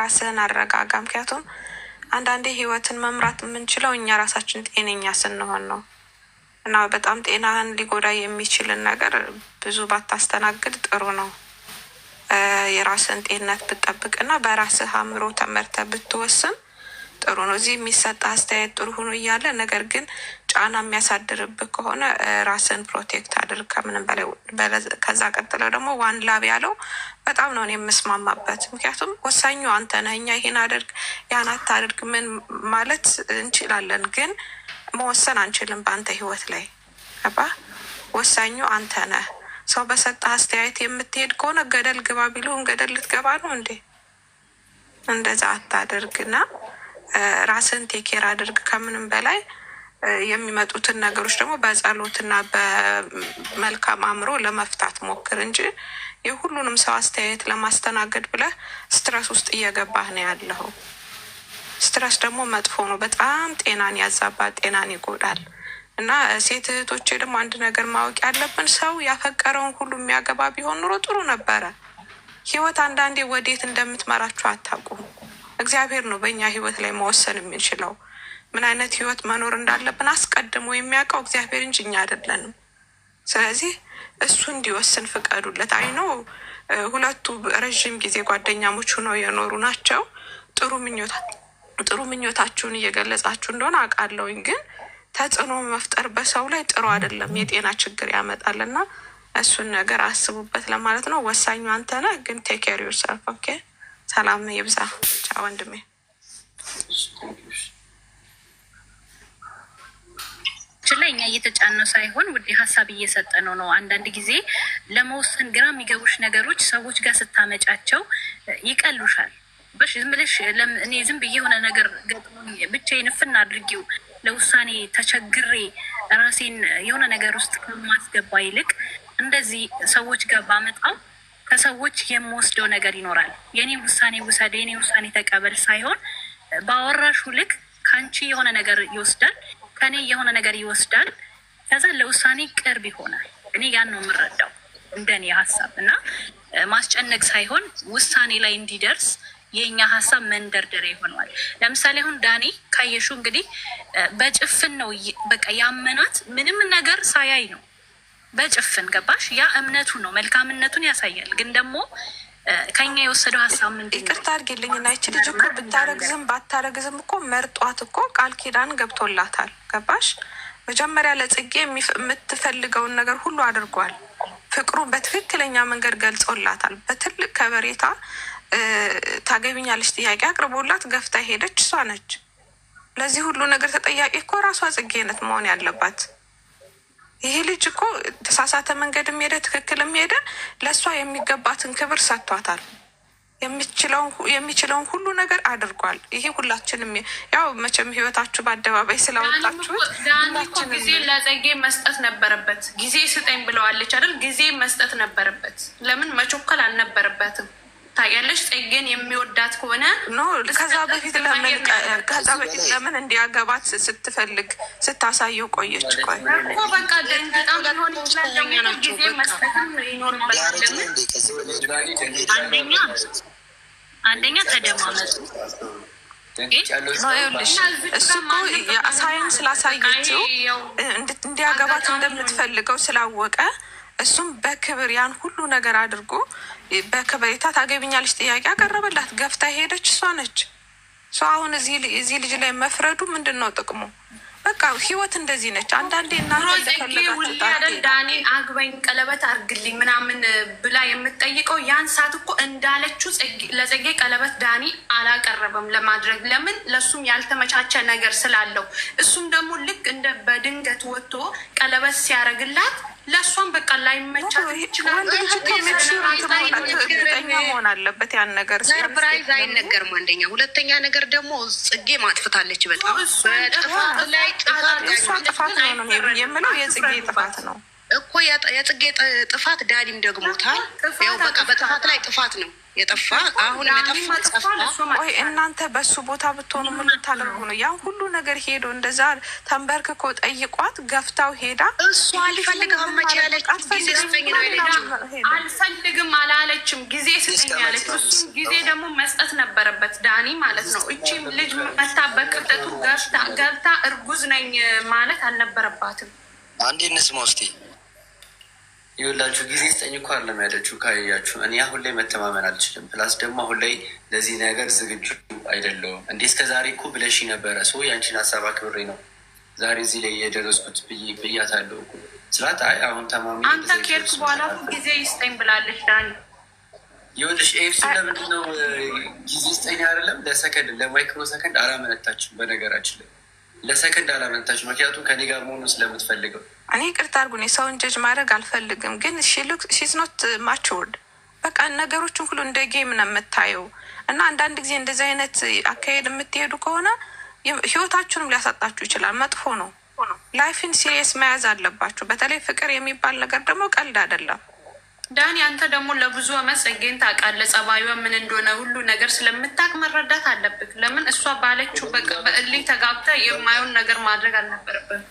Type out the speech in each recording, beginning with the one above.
ራስህን አረጋጋ። ምክንያቱም አንዳንዴ ህይወትን መምራት የምንችለው እኛ ራሳችን ጤነኛ ስንሆን ነው እና በጣም ጤናህን ሊጎዳ የሚችልን ነገር ብዙ ባታስተናግድ ጥሩ ነው። የራስህን ጤንነት ብጠብቅ እና በራስህ አእምሮ ተመርተ ብትወስን ጥሩ ነው። እዚህ የሚሰጥ አስተያየት ጥሩ ሆኖ እያለ ነገር ግን ጫና የሚያሳድርብህ ከሆነ ራስን ፕሮቴክት አድርግ ከምንም በላይ። ከዛ ቀጥለው ደግሞ ዋን ላብ ያለው በጣም ነው የምስማማበት። ምክንያቱም ወሳኙ አንተ ነህ። እኛ ይሄን አድርግ ያን አታድርግ ምን ማለት እንችላለን፣ ግን መወሰን አንችልም በአንተ ህይወት ላይ ገባ። ወሳኙ አንተ ነህ። ሰው በሰጠህ አስተያየት የምትሄድ ከሆነ ገደል ግባ ቢሉም ገደል ልትገባ ነው እንዴ? እንደዛ አታድርግና ራስን ቴኬር አድርግ ከምንም በላይ የሚመጡትን ነገሮች ደግሞ በጸሎትና በመልካም አእምሮ ለመፍታት ሞክር እንጂ የሁሉንም ሰው አስተያየት ለማስተናገድ ብለህ ስትረስ ውስጥ እየገባህ ነው ያለው። ስትረስ ደግሞ መጥፎ ነው። በጣም ጤናን ያዛባል፣ ጤናን ይጎዳል። እና ሴት እህቶቼ ደግሞ አንድ ነገር ማወቅ ያለብን ሰው ያፈቀረውን ሁሉ የሚያገባ ቢሆን ኑሮ ጥሩ ነበረ። ህይወት አንዳንዴ ወዴት እንደምትመራችሁ አታውቁም። እግዚአብሔር ነው በእኛ ህይወት ላይ መወሰን የምንችለው። ምን አይነት ህይወት መኖር እንዳለብን አስቀድሞ የሚያውቀው እግዚአብሔር እንጂ እኛ አይደለንም። ስለዚህ እሱ እንዲወስን ፍቀዱለት። አይኖ ሁለቱ ረዥም ጊዜ ጓደኛሞች ሆነው የኖሩ ናቸው። ጥሩ ጥሩ ምኞታችሁን እየገለጻችሁ እንደሆነ አውቃለሁኝ፣ ግን ተጽዕኖ መፍጠር በሰው ላይ ጥሩ አይደለም፣ የጤና ችግር ያመጣል እና እሱን ነገር አስቡበት ለማለት ነው። ወሳኙ አንተ ነህ፣ ግን ቴክ ኬር ዮርሰልፍ ኦኬ። ሰላም ይብዛ። ቻ ወንድሜ። ችን ላይ እኛ እየተጫነው ሳይሆን ውድ ሀሳብ እየሰጠነው ነው። አንዳንድ ጊዜ ለመወሰን ግራ የሚገቡሽ ነገሮች ሰዎች ጋር ስታመጫቸው ይቀሉሻል። በሽ ዝም ብለሽ እኔ ዝም ብዬ የሆነ ነገር ገጥሞኝ ብቻዬን እፍን አድርጌው ለውሳኔ ተቸግሬ ራሴን የሆነ ነገር ውስጥ ከማስገባ ይልቅ እንደዚህ ሰዎች ጋር ባመጣው ከሰዎች የምወስደው ነገር ይኖራል። የኔ ውሳኔ ውሰድ፣ የኔ ውሳኔ ተቀበል ሳይሆን ባወራሹ ልክ ከአንቺ የሆነ ነገር ይወስዳል። ከእኔ የሆነ ነገር ይወስዳል፣ ከዛ ለውሳኔ ቅርብ ይሆናል። እኔ ያን ነው የምረዳው እንደኔ ሀሳብ እና ማስጨነቅ ሳይሆን ውሳኔ ላይ እንዲደርስ የእኛ ሀሳብ መንደርደሪያ ይሆነዋል። ለምሳሌ አሁን ዳኒ ካየሹ እንግዲህ በጭፍን ነው በቃ ያመናት ምንም ነገር ሳያይ ነው በጭፍን ገባሽ። ያ እምነቱ ነው መልካምነቱን ያሳያል ግን ደግሞ ከኛ የወሰደው ሀሳብ ምንድን ነው? ይቅርታ አድርጌልኝ እና ይቺ ልጅ እኮ ብታረግዝም ባታረግዝም እኮ መርጧት እኮ ቃል ኪዳን ገብቶላታል። ገባሽ? መጀመሪያ ለጽጌ የምትፈልገውን ነገር ሁሉ አድርጓል። ፍቅሩን በትክክለኛ መንገድ ገልጾላታል። በትልቅ ከበሬታ ታገቢኛለች ጥያቄ አቅርቦላት ገፍታ ሄደች። እሷ ነች ለዚህ ሁሉ ነገር ተጠያቂ እኮ ራሷ ጽጌነት መሆን ያለባት። ይሄ ልጅ እኮ ተሳሳተ መንገድ የሚሄደ ትክክል የሚሄደ ለእሷ የሚገባትን ክብር ሰጥቷታል። የሚችለውን ሁሉ ነገር አድርጓል። ይሄ ሁላችንም ያው መቼም ህይወታችሁ በአደባባይ ስላወጣችሁት ጊዜ ለጸጌ መስጠት ነበረበት። ጊዜ ስጠኝ ብለዋለች አይደል? ጊዜ መስጠት ነበረበት። ለምን መቾከል አልነበረበትም? ታውቂያለሽ ጽጌን የሚወዳት ከሆነ ኖ ከዛ በፊት ለምን ከዛ በፊት ለምን እንዲያገባት ስትፈልግ ስታሳየው ቆየች። ቆይ እኮ በቃ ደንግጣም ሊሆን ይችላል። ደግሞ ጊዜ መስጠትም አንደኛ አንደኛ ተደማመጡ እሱ እኮ ሳይንስ ስላሳየችው እንዲያገባት እንደምትፈልገው ስላወቀ እሱም በክብር ያን ሁሉ ነገር አድርጎ በከበሬታ ታገቢኛለች ጥያቄ አቀረበላት። ገፍታ ሄደች። እሷ ነች እሷ። አሁን እዚህ ልጅ ላይ መፍረዱ ምንድን ነው ጥቅሙ? በቃ ህይወት እንደዚህ ነች። አንዳንዴ ዳኔን አግባኝ ቀለበት አርግልኝ ምናምን ብላ የምትጠይቀው ያን ሰዓት እኮ እንዳለችው ለጸጌ ቀለበት ዳኒ አላቀረበም ለማድረግ ለምን ለሱም ያልተመቻቸ ነገር ስላለው እሱም ደግሞ ልክ እንደ በድንገት ወጥቶ ቀለበት ሲያደርግላት ለእሷም በቃ ላይመቻት መሆን አለበት። ያን ነገር ሰርፕራይዝ አይነገርም። አንደኛ፣ ሁለተኛ ነገር ደግሞ ጽጌ ማጥፍታለች። በጣም ጥፋት ነው የምለው የጽጌ ጥፋት ነው እኮ የጽጌ ጥፋት ዳዲም ደግሞታል። ያው በቃ በጥፋት ላይ ጥፋት ነው የጠፋ አሁን እናንተ በሱ ቦታ ብትሆኑ ምን ታደርጉ ነው? ያን ሁሉ ነገር ሄዶ እንደዛ ተንበርክኮ ጠይቋት ገፍታው ሄዳ እሱ አልፈልግም መቼ ያለችው ጊዜ ስጠኝ ነው ያለችው። አልፈልግም አላለችም ጊዜ ስጠኝ ያለችው። እሱም ጊዜ ደግሞ መስጠት ነበረበት ዳኒ ማለት ነው። እቺም ልጅ መታ ቅጠቱ ገብታ እርጉዝ ነኝ ማለት አልነበረባትም። አንዴ እንስማ እስኪ ይኸውላችሁ ጊዜ ስጠኝ እኮ አለም ያለችው ካያችሁ፣ እኔ አሁን ላይ መተማመን አልችልም። ፕላስ ደግሞ አሁን ላይ ለዚህ ነገር ዝግጁ አይደለውም። እንዴ እስከ ዛሬ እኮ ብለሽ ነበረ። ሰው ያንቺን ሀሳብ አክብሬ ነው ዛሬ እዚህ ላይ የደረስኩት ብያታለሁ እኮ ስላት፣ አይ አሁን ተማሚ አንተ ከሄድኩ በኋላ ጊዜ ይስጠኝ ብላለች። ዳኒ ይኸውልሽ፣ ኤፍሲ ለምንድነው ጊዜ ስጠኝ አይደለም፣ ለሰከንድ ለማይክሮ ሰከንድ አላመነታችም በነገራችን ላይ ለሰከንድ አላመንታች፣ ምክንያቱም ከኔ ጋር መሆኑ ስለምትፈልገው። እኔ ይቅርታ አድርጉኝ፣ የሰውን ጀጅ ማድረግ አልፈልግም፣ ግን ሺዝ ኖት ማችወርድ። በቃ ነገሮችን ሁሉ እንደ ጌም ነው የምታየው። እና አንዳንድ ጊዜ እንደዚህ አይነት አካሄድ የምትሄዱ ከሆነ ህይወታችሁንም ሊያሳጣችሁ ይችላል። መጥፎ ነው። ላይፍን ሲሪየስ መያዝ አለባችሁ። በተለይ ፍቅር የሚባል ነገር ደግሞ ቀልድ አይደለም። ዳኒ አንተ ደግሞ ለብዙ አመት ጸጌን ታውቃለህ። ጸባዩ ምን እንደሆነ ሁሉ ነገር ስለምታውቅ መረዳት አለብህ። ለምን እሷ ባለችው በእልህ ተጋብተ የማየውን ነገር ማድረግ አልነበረብህም።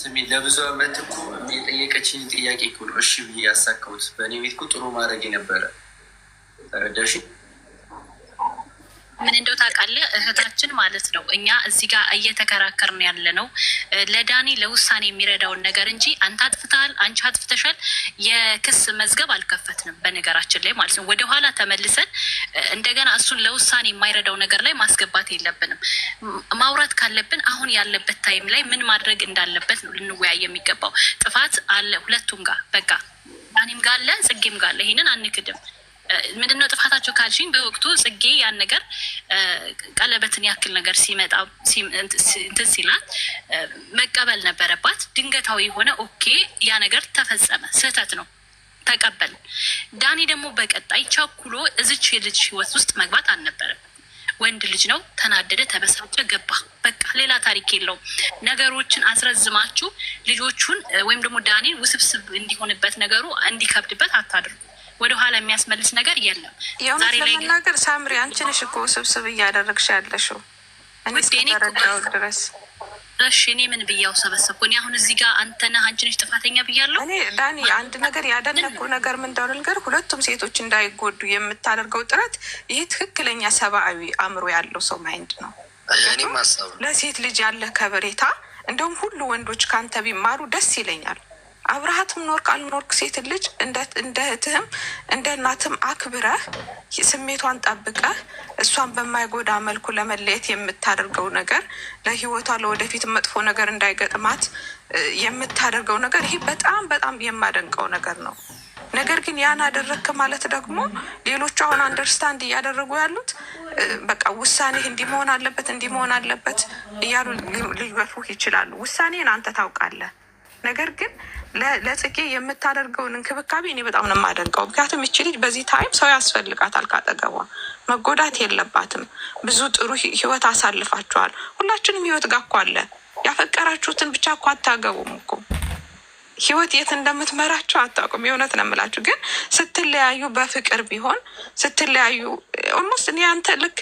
ስሚ ለብዙ አመት እኮ የጠየቀችኝ ጥያቄ እኮ ነው እሺ ብዬ ያሳካሁት። በእኔ ቤት እኮ ጥሩ ማድረግ ነበረ። ተረዳሽኝ? ምን እንደው ታውቃለህ እህታችን ማለት ነው እኛ እዚህ ጋር እየተከራከርን ያለ ነው ለዳኒ ለውሳኔ የሚረዳውን ነገር እንጂ አንተ አጥፍተሃል፣ አንቺ አጥፍተሻል የክስ መዝገብ አልከፈትንም። በነገራችን ላይ ማለት ነው ወደኋላ ተመልሰን እንደገና እሱን ለውሳኔ የማይረዳው ነገር ላይ ማስገባት የለብንም። ማውራት ካለብን አሁን ያለበት ታይም ላይ ምን ማድረግ እንዳለበት ነው ልንወያይ የሚገባው። ጥፋት አለ ሁለቱም ጋር በቃ ዳኒም ጋለ ጽጌም ጋለ ይሄንን አንክድም። ምንድነው ጥፋታቸው ካልሽኝ፣ በወቅቱ ጽጌ ያን ነገር ቀለበትን ያክል ነገር ሲመጣ እንትን ሲላት መቀበል ነበረባት። ድንገታዊ የሆነ ኦኬ፣ ያ ነገር ተፈጸመ፣ ስህተት ነው፣ ተቀበል። ዳኒ ደግሞ በቀጣይ ቸኩሎ እዝች የልጅ ህይወት ውስጥ መግባት አልነበረም። ወንድ ልጅ ነው። ተናደደ፣ ተበሳጨ፣ ገባ። በቃ ሌላ ታሪክ የለውም። ነገሮችን አስረዝማችሁ ልጆቹን ወይም ደግሞ ዳኒን ውስብስብ እንዲሆንበት ነገሩ እንዲከብድበት አታድርጉ። ወደ ኋላ የሚያስመልስ ነገር የለም። የእውነት ለመናገር ሳምሪ አንችን ነሽ እኮ ስብስብ እያደረግሽ ያለሽው እኔ ድረስ እሺ እኔ ምን ብያው ሰበሰብኩ? እኔ አሁን እዚህ ጋር አንተና አንችንሽ ጥፋተኛ ብያለሁ። እኔ ዳኒ፣ አንድ ነገር ያደነቁ ነገር ምን እንደሆነ ነገር ሁለቱም ሴቶች እንዳይጎዱ የምታደርገው ጥረት፣ ይህ ትክክለኛ ሰብአዊ አእምሮ ያለው ሰው ማይንድ ነው። ለሴት ልጅ ያለ ከበሬታ እንደውም ሁሉ ወንዶች ከአንተ ቢማሩ ደስ ይለኛል። አብረሃትም ኖርክ አልኖርክ ሴት ልጅ እንደ እህትህም እንደ እናትም አክብረህ ስሜቷን ጠብቀህ እሷን በማይጎዳ መልኩ ለመለየት የምታደርገው ነገር ለህይወቷ ለወደፊት መጥፎ ነገር እንዳይገጥማት የምታደርገው ነገር ይሄ በጣም በጣም የማደንቀው ነገር ነው። ነገር ግን ያን አደረግክ ማለት ደግሞ ሌሎቹ አሁን አንደርስታንድ እያደረጉ ያሉት በቃ ውሳኔህ እንዲህ መሆን አለበት እንዲህ መሆን አለበት እያሉ ሊገፉህ ይችላሉ። ውሳኔን አንተ ታውቃለህ። ነገር ግን ለጽጌ የምታደርገውን እንክብካቤ እኔ በጣም ነው የማደንቀው። ምክንያቱም ይቺ ልጅ በዚህ ታይም ሰው ያስፈልጋታል። ካጠገቧ መጎዳት የለባትም። ብዙ ጥሩ ህይወት አሳልፋችኋል። ሁላችንም ህይወት ጋር እኮ አለ። ያፈቀራችሁትን ብቻ እኮ አታገቡም እኮ ህይወት የት እንደምትመራቸው አታውቁም። የእውነት ነው የምላችሁ። ግን ስትለያዩ በፍቅር ቢሆን ስትለያዩ ኦልሞስት እኔ አንተ ልክ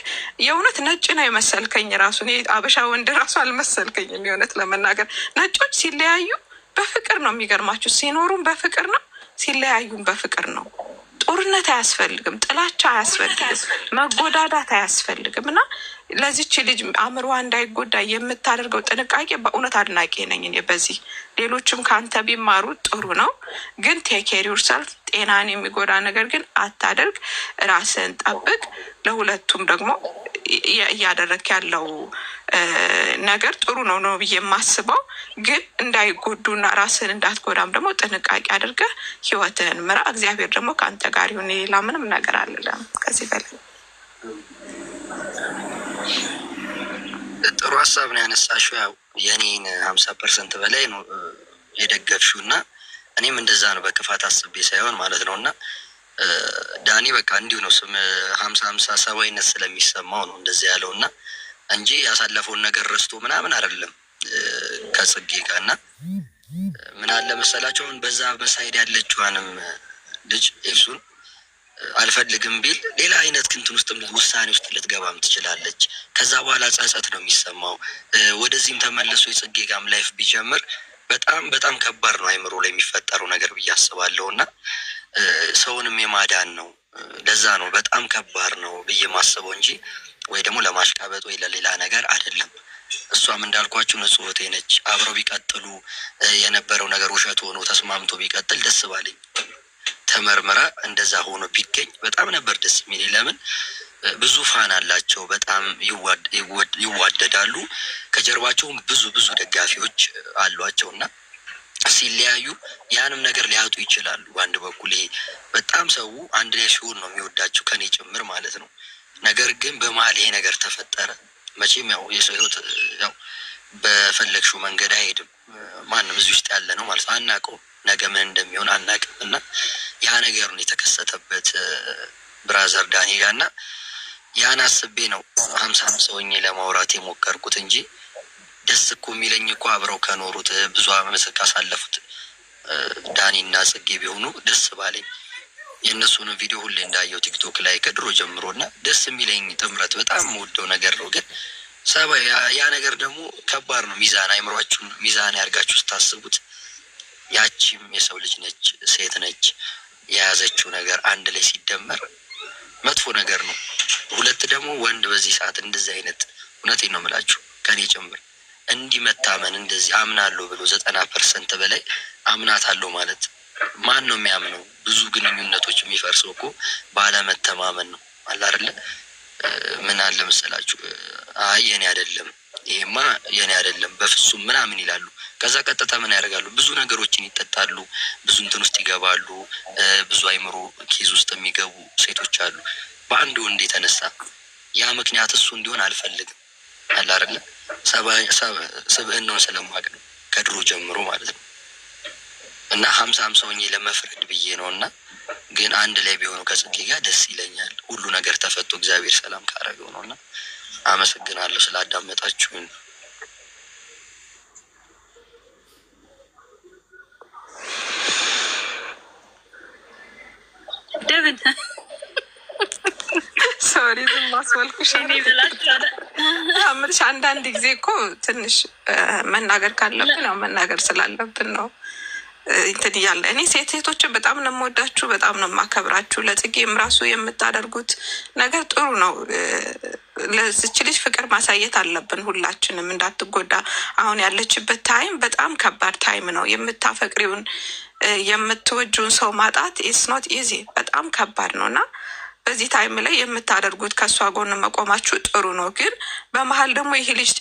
የእውነት ነጭ ነው የመሰልከኝ ራሱ አበሻ ወንድ ራሱ አልመሰልከኝም። የእውነት ለመናገር ነጮች ሲለያዩ በፍቅር ነው። የሚገርማችሁ ሲኖሩም በፍቅር ነው፣ ሲለያዩም በፍቅር ነው። ጦርነት አያስፈልግም፣ ጥላቻ አያስፈልግም፣ መጎዳዳት አያስፈልግም። እና ለዚች ልጅ አእምሮዋ እንዳይጎዳ የምታደርገው ጥንቃቄ በእውነት አድናቂ ነኝ በዚህ። ሌሎችም ከአንተ ቢማሩ ጥሩ ነው፣ ግን ቴኬር ዩርሰልፍ ጤናን የሚጎዳ ነገር ግን አታደርግ። ራስን ጠብቅ። ለሁለቱም ደግሞ እያደረክ ያለው ነገር ጥሩ ነው ነው ብዬ የማስበው። ግን እንዳይጎዱና ራስን እንዳትጎዳም ደግሞ ጥንቃቄ አድርገ ህይወትህን ምራ። እግዚአብሔር ደግሞ ከአንተ ጋር ይሁን። ሌላ ምንም ነገር አለለም ከዚህ በላይ። ጥሩ ሀሳብ ነው ያነሳሽው። ያው የኔን ሀምሳ ፐርሰንት በላይ ነው የደገፍሽው እና እኔም እንደዛ ነው በክፋት አስቤ ሳይሆን ማለት ነው እና ዳኒ በቃ እንዲሁ ነው ስም ሀምሳ ሀምሳ ሰባዊነት ስለሚሰማው ነው እንደዚህ ያለው እና እንጂ ያሳለፈውን ነገር ረስቶ ምናምን አይደለም ከጽጌ ጋር እና ምን አለ መሰላቸውን በዛ መሳሄድ ያለችዋንም ልጅ ኤፍሱን አልፈልግም ቢል ሌላ አይነት ክንትን ውስጥ ውሳኔ ውስጥ ልትገባም ትችላለች። ከዛ በኋላ ጸጸት ነው የሚሰማው። ወደዚህም ተመለሱ የጽጌ ጋም ላይፍ ቢጀምር በጣም በጣም ከባድ ነው አይምሮ ላይ የሚፈጠረው ነገር ብዬ አስባለሁ እና ሰውንም የማዳን ነው። ለዛ ነው በጣም ከባድ ነው ብዬ ማስበው እንጂ ወይ ደግሞ ለማሽቃበጥ ወይ ለሌላ ነገር አይደለም። እሷም እንዳልኳችሁ ንጹህ እህቴ ነች። አብረው ቢቀጥሉ የነበረው ነገር ውሸት ሆኖ ተስማምቶ ቢቀጥል ደስ ባለኝ። ተመርምራ እንደዛ ሆኖ ቢገኝ በጣም ነበር ደስ የሚል። ለምን ብዙ ፋን አላቸው፣ በጣም ይዋደዳሉ። ከጀርባቸውም ብዙ ብዙ ደጋፊዎች አሏቸው እና ሲለያዩ ያንም ነገር ሊያጡ ይችላሉ። በአንድ በኩል ይሄ በጣም ሰው አንድ ላይ ሲሆን ነው የሚወዳቸው ከኔ ጭምር ማለት ነው። ነገር ግን በመሀል ይሄ ነገር ተፈጠረ። መቼም ያው የሰው ህይወት ያው በፈለግሽው መንገድ አይሄድም። ማንም እዚህ ውስጥ ያለ ነው ማለት ነው። አናውቀውም፣ ነገ ምን እንደሚሆን አናውቅም። እና ያ ነገር ነው የተከሰተበት ብራዘር ዳንኤል እና ያን አስቤ ነው ሀምሳ ሀምሳ ሆኜ ለማውራት የሞከርኩት እንጂ ደስ እኮ የሚለኝ እኮ አብረው ከኖሩት ብዙ አመት ካሳለፉት ዳኒና ጽጌ ቢሆኑ ደስ ባለኝ። የእነሱን ቪዲዮ ሁሌ እንዳየው ቲክቶክ ላይ ከድሮ ጀምሮ እና ደስ የሚለኝ ጥምረት በጣም ወደው ነገር ነው። ግን ሰባ ያ ነገር ደግሞ ከባድ ነው። ሚዛን አይምሯችሁን ሚዛን ያርጋችሁ ስታስቡት ያቺም የሰው ልጅ ነች፣ ሴት ነች። የያዘችው ነገር አንድ ላይ ሲደመር መጥፎ ነገር ነው። ሁለት ደግሞ ወንድ በዚህ ሰዓት እንደዚህ አይነት እውነቴን ነው የምላችሁ ከኔ ጭምር እንዲህ መታመን እንደዚህ አምናለሁ ብሎ ዘጠና ፐርሰንት በላይ አምናት አለው ማለት ማን ነው የሚያምነው? ብዙ ግንኙነቶች የሚፈርሰው እኮ ባለመተማመን ነው። አላርለ ምን አለ መሰላችሁ? አይ የኔ አይደለም ይሄማ የኔ አይደለም በፍጹም ምናምን ይላሉ። ከዛ ቀጥታ ምን ያደርጋሉ? ብዙ ነገሮችን ይጠጣሉ፣ ብዙ እንትን ውስጥ ይገባሉ። ብዙ አይምሮ ኬዝ ውስጥ የሚገቡ ሴቶች አሉ። በአንድ ወንድ የተነሳ ያ ምክንያት እሱ እንዲሆን አልፈልግም አለ አይደለ? ስለማቅ ነው ከድሮ ጀምሮ ማለት ነው። እና ሀምሳ ሆኜ ለመፍረድ ብዬ ነው። እና ግን አንድ ላይ ቢሆኑ ከጽጌ ጋር ደስ ይለኛል። ሁሉ ነገር ተፈቶ እግዚአብሔር ሰላም ካረገው ነው። እና አመሰግናለሁ ስላዳመጣችሁን። ደብን ሶሪ ዝም አስወልኩሽ ነው የምልሽ። አንዳንድ ጊዜ እኮ ትንሽ መናገር ካለብን ያው መናገር ስላለብን ነው እንትን እያለ እኔ ሴት ሴቶችን በጣም ነው የምወዳችሁ፣ በጣም ነው የማከብራችሁ። ለጽጌም ራሱ የምታደርጉት ነገር ጥሩ ነው። ለዚች ልጅ ፍቅር ማሳየት አለብን ሁላችንም እንዳትጎዳ። አሁን ያለችበት ታይም በጣም ከባድ ታይም ነው። የምታፈቅሪውን የምትወጁን ሰው ማጣት ኢስ ኖት ኢዚ በጣም ከባድ ነው እና በዚህ ታይም ላይ የምታደርጉት ከእሷ ጎን መቆማችሁ ጥሩ ነው። ግን በመሀል ደግሞ ይሄ ልጅ